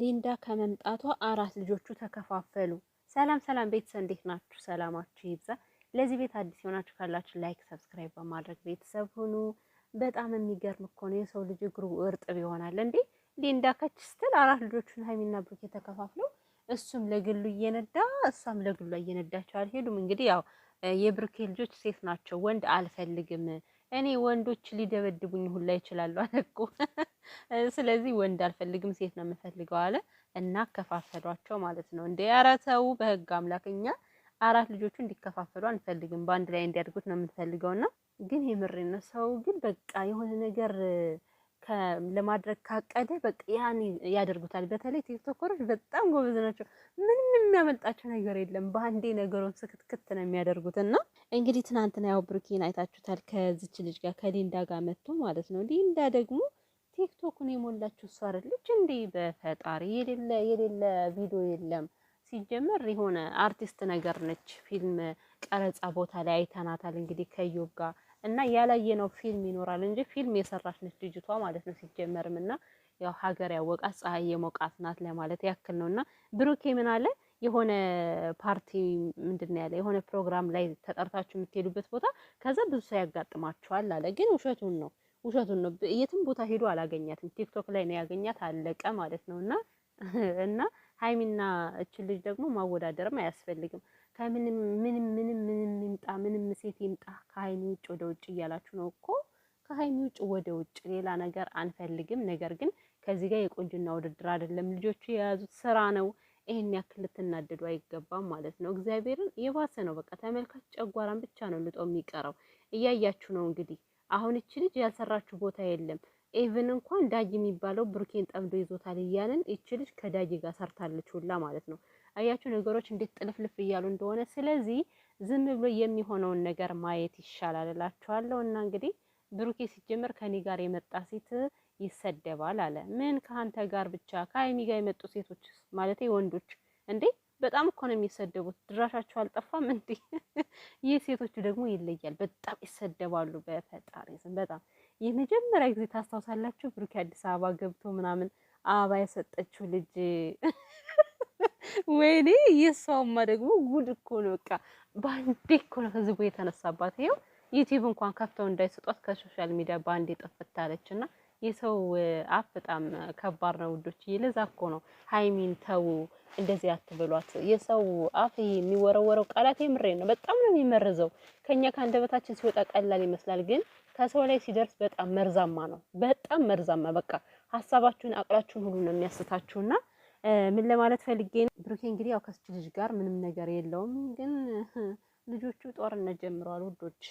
ሊንዳ ከመምጣቷ አራት ልጆቹ ተከፋፈሉ። ሰላም ሰላም ቤተሰብ እንዴት ናችሁ? ሰላማችሁ ይብዛ። ለዚህ ቤት አዲስ የሆናችሁ ካላችሁ ላይክ፣ ሰብስክራይብ በማድረግ ቤተሰብ ሁኑ። በጣም የሚገርም እኮ ነው የሰው ልጅ እግሩ እርጥብ ይሆናል እንዴ! ሊንዳ ከች ስትል አራት ልጆቹን ሀይሚና ብሩክ የተከፋፍለው እሱም ለግሉ እየነዳ እሷም ለግሏ እየነዳቸው አልሄዱም። እንግዲህ ያው የብሩኬ ልጆች ሴት ናቸው፣ ወንድ አልፈልግም እኔ ወንዶች ሊደበድቡኝ ሁላ ይችላሉ አለ እኮ። ስለዚህ ወንድ አልፈልግም ሴት ነው የምፈልገው አለ እና ከፋፈሏቸው ማለት ነው። እንደ ያረተው በህግ አምላክ እኛ አራት ልጆቹ እንዲከፋፈሉ አንፈልግም፣ በአንድ ላይ እንዲያድጉት ነው የምንፈልገው። እና ግን የምሬ ነው። ሰው ግን በቃ የሆነ ነገር ለማድረግ ካቀደ በቃ ያን ያደርጉታል። በተለይ ቲክቶከሮች በጣም ጎበዝ ናቸው። ምንም የሚያመልጣቸው ነገር የለም። በአንዴ ነገሩን ስክትክት ነው የሚያደርጉት እና እንግዲህ ትናንትና ያው ብሩኬን አይታችሁታል። ከዚች ልጅ ጋር ከሊንዳ ጋር መጥቶ ማለት ነው። ሊንዳ ደግሞ ቲክቶክን የሞላችሁ እሷ አይደለች እንዴ? በፈጣሪ የሌለ የሌለ ቪዲዮ የለም። ሲጀመር የሆነ አርቲስት ነገር ነች። ፊልም ቀረጻ ቦታ ላይ አይተናታል። እንግዲህ ከዮብ ጋር እና ያላየነው ፊልም ይኖራል እንጂ ፊልም የሰራች ነች ልጅቷ ማለት ነው። ሲጀመርም እና ያው ሀገር ያወቃት ፀሐይ የሞቃት ናት ለማለት ያክል ነው። እና ብሩኬ ምን አለ የሆነ ፓርቲ ምንድን ያለ የሆነ ፕሮግራም ላይ ተጠርታችሁ የምትሄዱበት ቦታ ከዛ ብዙ ሰው ያጋጥማችኋል አለ። ግን ውሸቱን ነው ውሸቱን ነው። የትም ቦታ ሄዶ አላገኛትም። ቲክቶክ ላይ ነው ያገኛት አለቀ ማለት ነው። እና እና ሀይሚና እችን ልጅ ደግሞ ማወዳደርም አያስፈልግም። ከምንም ምንም ምንም ምንም ይምጣ ምንም ሴት ይምጣ ከሀይሚ ውጭ ወደ ውጭ እያላችሁ ነው እኮ ከሀይሚ ውጭ ወደ ውጭ ሌላ ነገር አንፈልግም። ነገር ግን ከዚህ ጋር የቆንጅና ውድድር አይደለም። ልጆቹ የያዙት ስራ ነው። ይሄን ያክል ልትናደዱ አይገባም ማለት ነው። እግዚአብሔርን የባሰ ነው። በቃ ተመልካች ጨጓራን ብቻ ነው ልጦ የሚቀረው። እያያችሁ ነው እንግዲህ አሁን እቺ ልጅ ያልሰራችሁ ቦታ የለም። ኤቨን እንኳን ዳጊ የሚባለው ብሩኬን ጠምዶ ይዞታል እያልን እቺ ልጅ ከዳጊ ጋር ሰርታለች ሁላ ማለት ነው። አያችሁ ነገሮች እንዴት ጥልፍልፍ እያሉ እንደሆነ። ስለዚህ ዝም ብሎ የሚሆነውን ነገር ማየት ይሻላል እላችኋለሁ እና እንግዲህ ብሩኬ ሲጀመር ከኔ ጋር የመጣ ሴት ይሰደባል አለ። ምን ከአንተ ጋር ብቻ ከሀይሚ ጋር የመጡ ሴቶች ማለት ወንዶች እንዴ በጣም እኮ ነው የሚሰደቡት። ድራሻቸው አልጠፋም እንዴ? ይህ ሴቶች ደግሞ ይለያል። በጣም ይሰደባሉ። በፈጣሪ ስም በጣም የመጀመሪያ ጊዜ ታስታውሳላችሁ፣ ብሩኬ አዲስ አበባ ገብቶ ምናምን አበባ የሰጠችው ልጅ ወይኔ፣ የሷማ ደግሞ ጉድ እኮ ነው። በቃ ባንዴ እኮ ነው ህዝቡ የተነሳባት ይኸው ዩቲዩብ እንኳን ከፍተው እንዳይሰጧት ከሶሻል ሚዲያ በአንዴ ጥፍት አለች እና የሰው አፍ በጣም ከባድ ነው ውዶች። ለዛ እኮ ነው ሀይሚን ተው እንደዚህ አትብሏት። የሰው አፍ የሚወረወረው ቃላት የምሬ ነው፣ በጣም ነው የሚመርዘው። ከኛ ከአንደበታችን ሲወጣ ቀላል ይመስላል፣ ግን ከሰው ላይ ሲደርስ በጣም መርዛማ ነው። በጣም መርዛማ በቃ ሀሳባችሁን አቅላችሁን ሁሉ ነው የሚያስታችሁና ምን ለማለት ፈልጌ ነው ብሩኬ እንግዲህ ያው ከስች ልጅ ጋር ምንም ነገር የለውም፣ ግን ልጆቹ ጦርነት ጀምረዋል ውዶች።